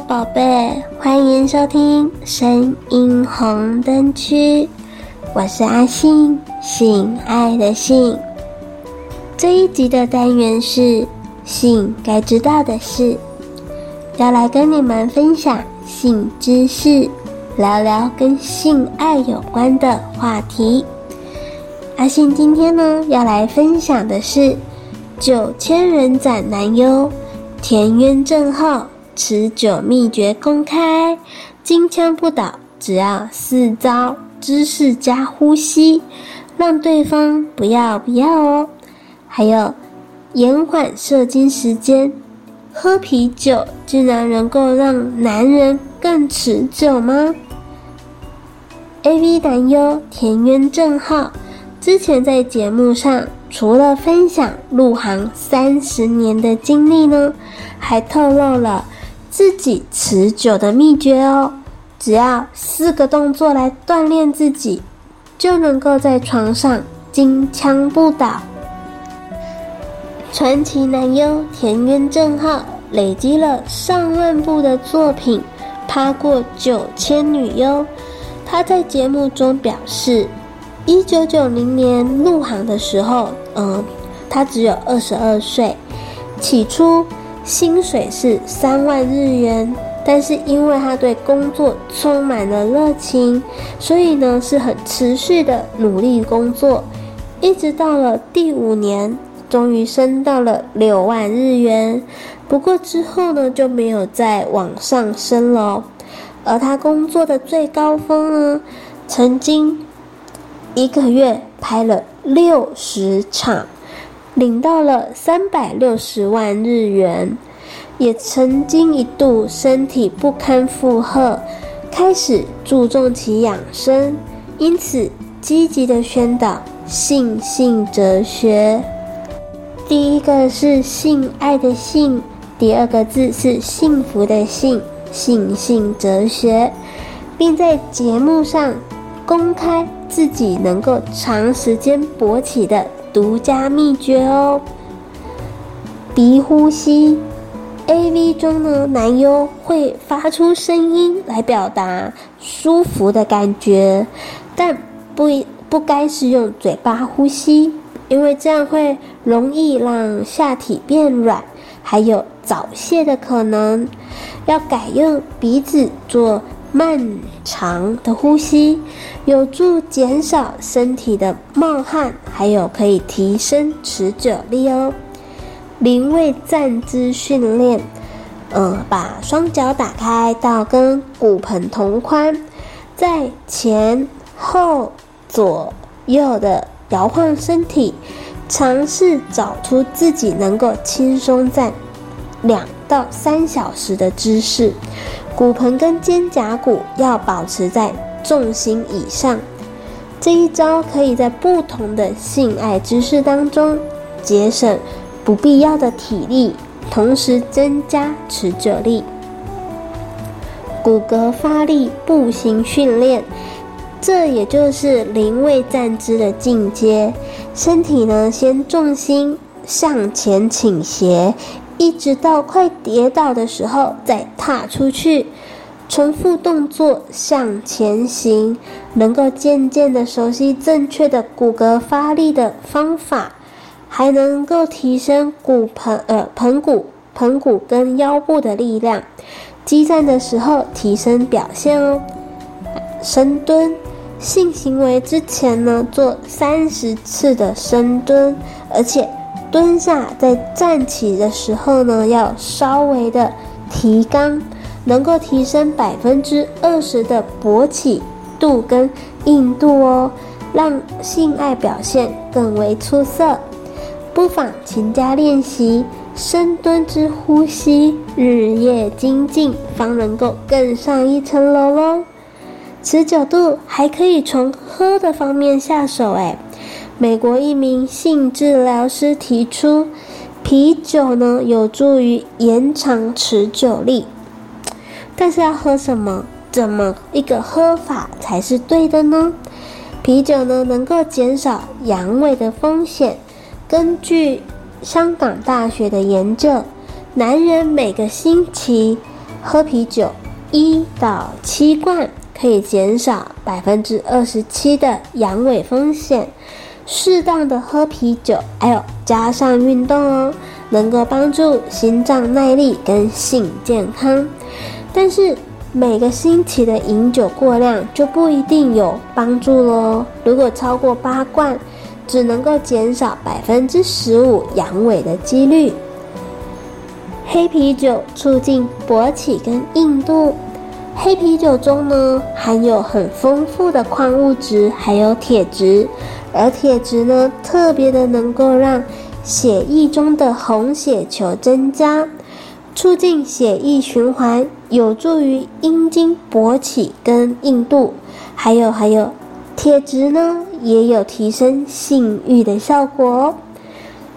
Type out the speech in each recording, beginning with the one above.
寶貝，歡迎收聽《聲音紅燈區》，我是阿信，性愛的性。這一集的單元是性該知道的事，要來跟你們分享性知識，聊聊跟性愛有關的話題。阿信今天呢，要來分享的是“九千人斬男優，田淵正浩”。持久秘訣公開，金槍不倒，只要四招：姿勢加呼吸，讓對方不要不要哦。還有，延緩射精時間，喝啤酒竟然能夠讓男人更持久嗎？AV 男優田淵正浩之前在節目上，除了分享入行三十年的經歷呢，還透露了。自己持久的秘訣哦，只要四個動作來鍛鍊自己，就能夠在床上金槍不倒。傳奇男優田淵正浩累積了上萬部的作品，趴過九千女優。他在節目中表示，一九九零年入行的時候，嗯，他只有二十二歲，起初。薪水是三萬日元，但是因為他對工作充滿了熱情，所以呢是很持續的努力工作，一直到了第五年，終於升到了六萬日元。不過之後呢就沒有再往上升了。而他工作的最高峰呢，曾經一個月拍了六十場。領到了三百六十萬日元，也曾經一度身體不堪負荷，開始注重起養生，因此積極的宣導性性哲學。第一個是性愛的性，第二個字是幸福的幸，性性哲學，並在節目上公開自己能夠長時間勃起的。獨家秘訣哦，鼻呼吸。AV 中呢，男優會發出聲音來表達舒服的感覺，但不不該是用嘴巴呼吸，因為這樣會容易讓下體變軟，還有早洩的可能。要改用鼻子做。漫長的呼吸有助減少身體的冒汗，還有可以提升持久力哦。靈位站姿訓練，嗯、呃，把雙腳打開到跟骨盆同寬，在前後左右的搖晃身體，嘗試找出自己能夠輕鬆站兩到三小時的姿勢。骨盆跟肩胛骨要保持在重心以上，這一招可以在不同的性愛姿勢當中節省不必要的體力，同時增加持久力。骨骼發力步行訓練，這也就是臨位站姿的進階。身體呢，先重心向前傾斜。一直到快跌倒的時候再踏出去，重複動作向前行，能夠漸漸的熟悉正確的骨骼發力的方法，還能夠提升骨盆、呃盆骨、盆骨跟腰部的力量。激戰的時候提升表現哦。深蹲，性行為之前呢做三十次的深蹲，而且，蹲下，在站起的時候呢，要稍微的提肛，能夠提升百分之二十的勃起度跟硬度哦，讓性愛表現更為出色。不妨勤加練習深蹲之呼吸，日夜精進，方能夠更上一層樓嘍。持久度還可以從喝的方面下手誒，哎。美國一名性治療師提出，啤酒呢有助於延長持久力，但是要喝什麼，怎麼一個喝法才是對的呢？啤酒呢能夠減少陽痿的風險。根據香港大學的研究，男人每個星期喝啤酒一到七罐，可以減少百分之二十七的陽痿風險。適當的喝啤酒，還有加上運動哦，能夠幫助心臟耐力跟性健康。但是每個星期的飲酒過量就不一定有幫助嘍。如果超過八罐，只能夠減少百分之十五陽痿的幾率。黑啤酒促進勃起跟硬度。黑啤酒中呢，含有很豐富的礦物質，還有鐵質。而鐵質呢，特別的能夠讓血液中的紅血球增加，促進血液循環，有助於陰莖勃起跟硬度。還有還有，鐵質呢也有提升性慾的效果哦。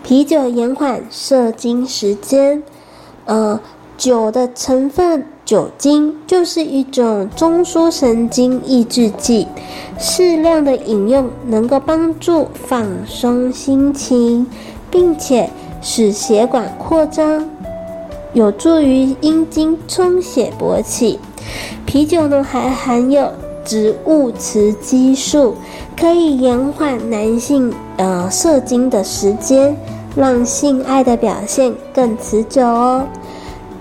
啤酒延緩射精時間，呃，酒的成分。酒精就是一種中樞神經抑制劑，適量的飲用能夠幫助放鬆心情，並且使血管擴張，有助於陰莖充血勃起。啤酒呢，還含有植物雌激素，可以延緩男性，呃，射精的時間，讓性愛的表現更持久哦。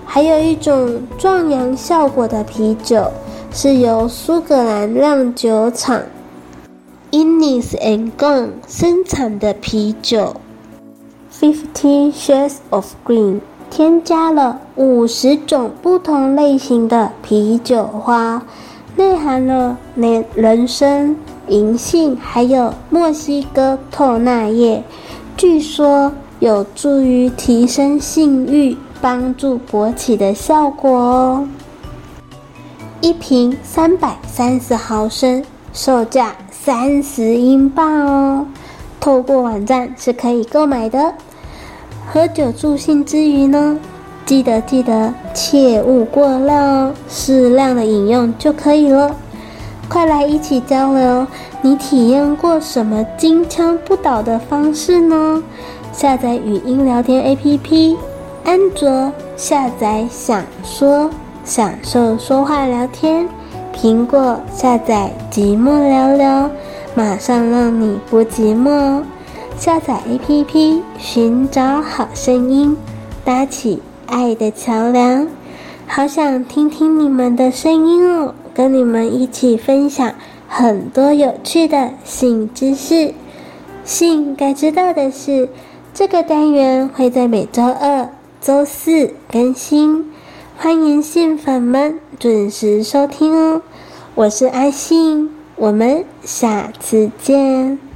還有一種壯陽效果的啤酒，是由蘇格蘭釀酒廠 Innis & Gunn 生產的啤酒。Fifteen Shades of Green 添加了五十種不同類型的啤酒花，內含了人參、銀杏還有墨西哥透納葉，據說有助於提升性慾。幫助勃起的效果哦，一瓶三百三十毫升，售價三十英鎊哦。透過網站是可以購買的。喝酒助興之餘呢，記得記得，切勿過量哦，適量的飲用就可以了。快來一起交流哦，你體驗過什麼金槍不倒的方式呢？下載語音聊天 APP。安卓下載享說享受說話聊天，蘋果下載寂寞聊聊，馬上讓你不寂寞哦。下載 APP 尋找好聲音，搭起愛的橋樑。好想聽聽你們的聲音哦，跟你們一起分享很多有趣的性知識。性該知道的事，這個單元會在每周二。週四更新，歡迎性粉們準時收聽哦！我是阿信，我們下次見。